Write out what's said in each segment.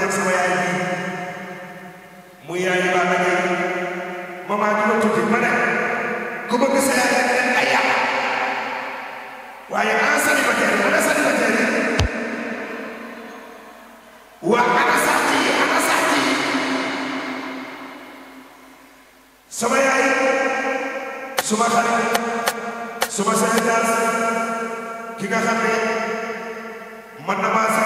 teg sama yaay bi mu yaay ba nga ne maman bi ma tuddi ma ne ku bëgg sa yaay rek leen ay yàlla waaye en célibataire ma ne célibataire waa ana sax ci ana sax ci sama yaay suma xarit suma sénégal ki nga xam ne man na maa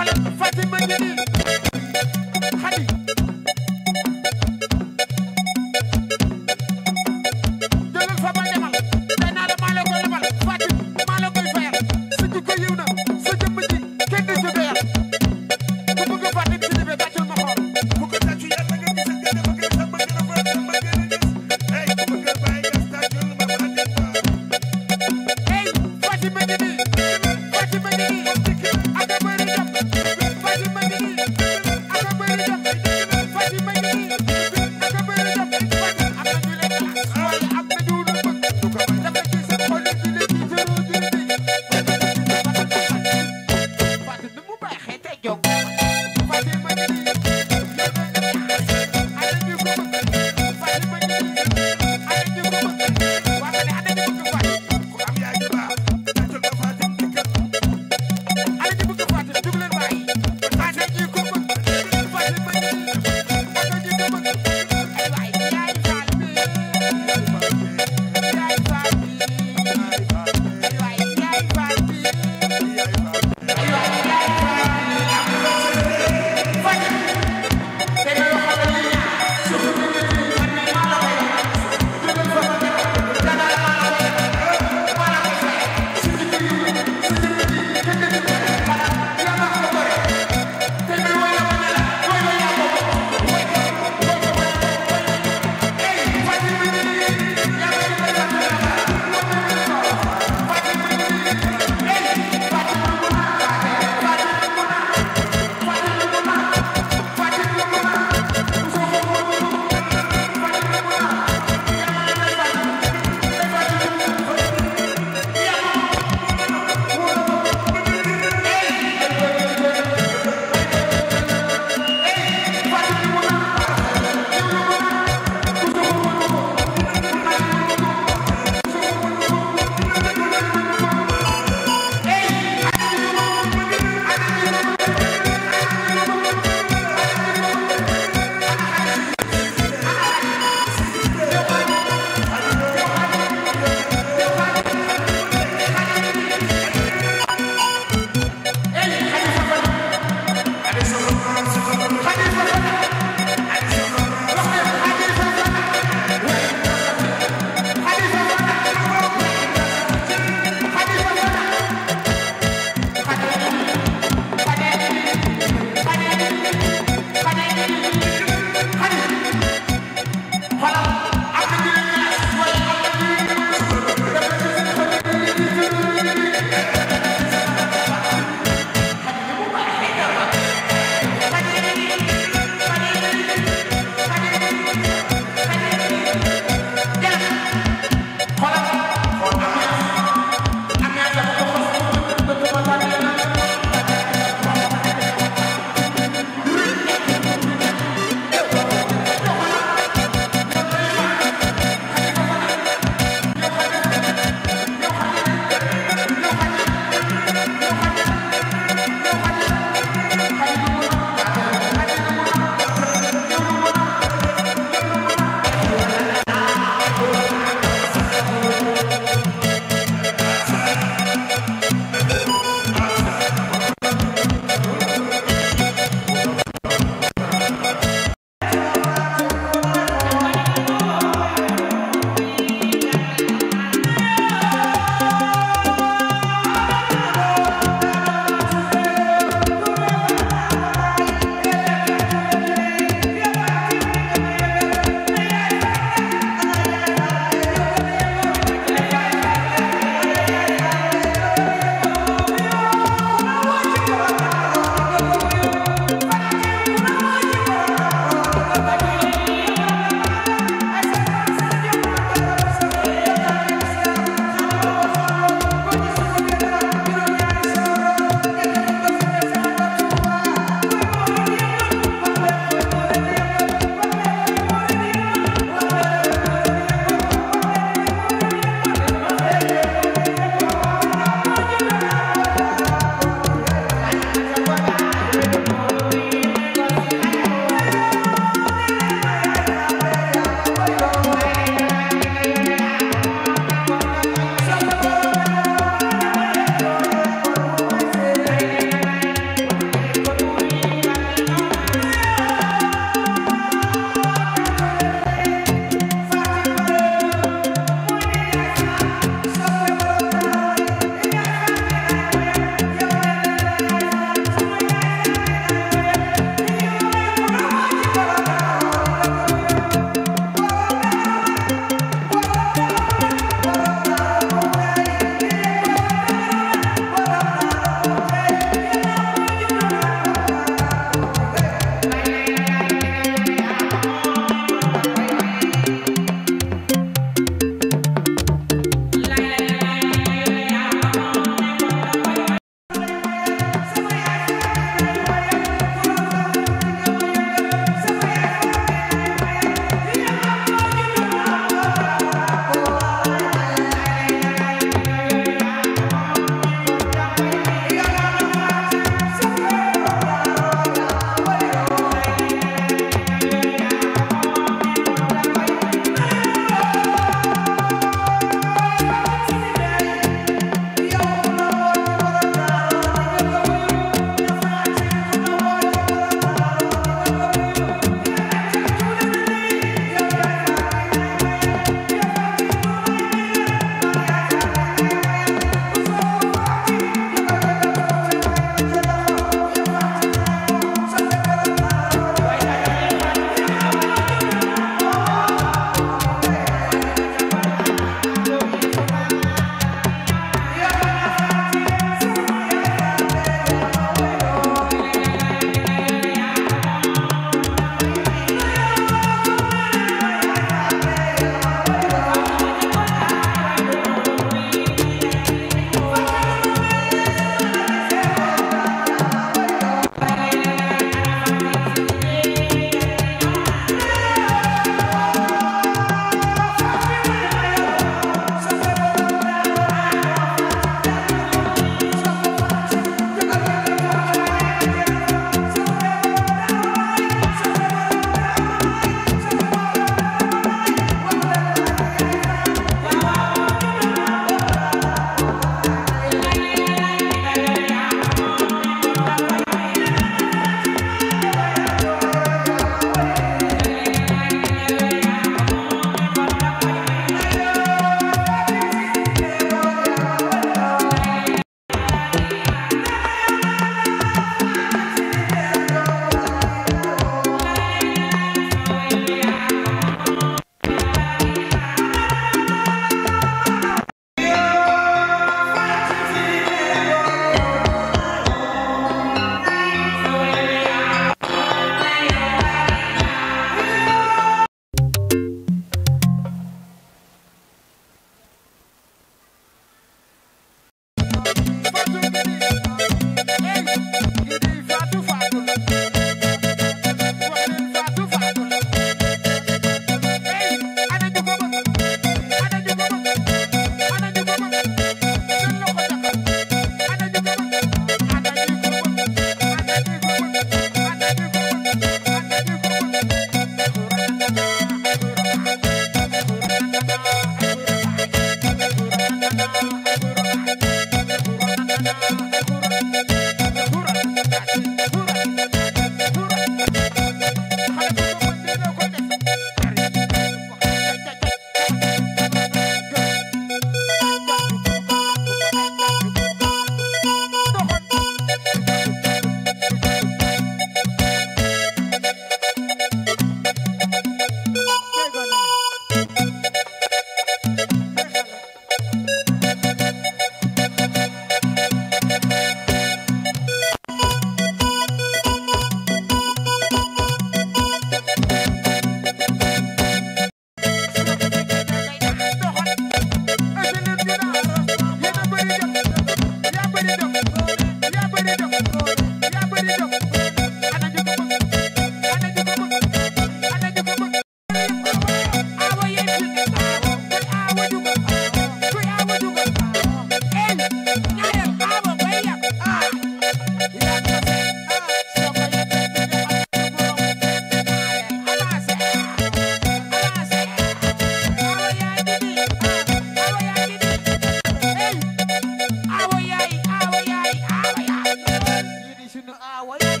Thank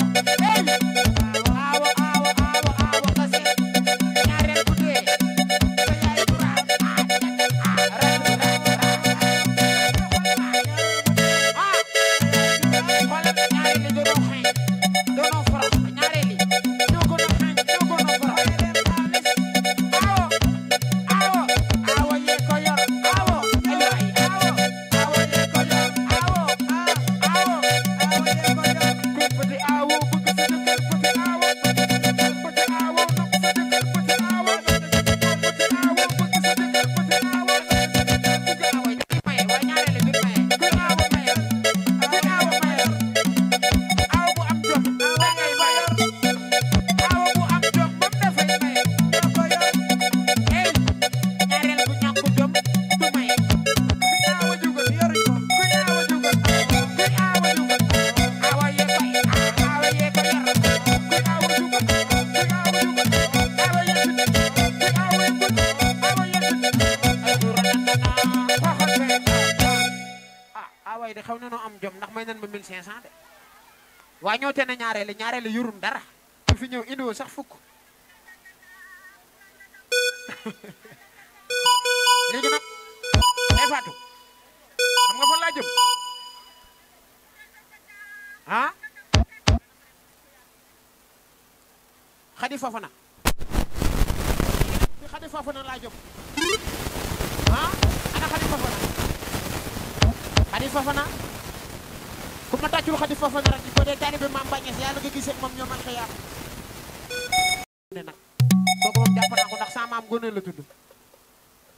you. wuute na ñaareelu ñaareelu yurum dara bu fi ñëw indiwoo sax fukk léegi nag day faatu xam nga fan laa jëm ah? xadi fafana xadi fafana laa jëm ah? ana xadi fafana xadi fafana ku a tàccul xadi foofa na rak yi ko dee taalibe maam Bañes yàlla nga gisee moom ñoo man ko yàpp ne ko ndax sama maam Ngoné la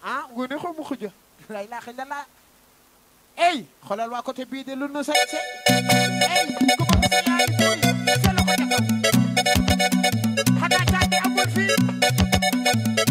ah Ngoné xaw ma lay laa xëy la ey xoolal waa côté bii de lu nu say se ey ku bëgg sa yaay boy fii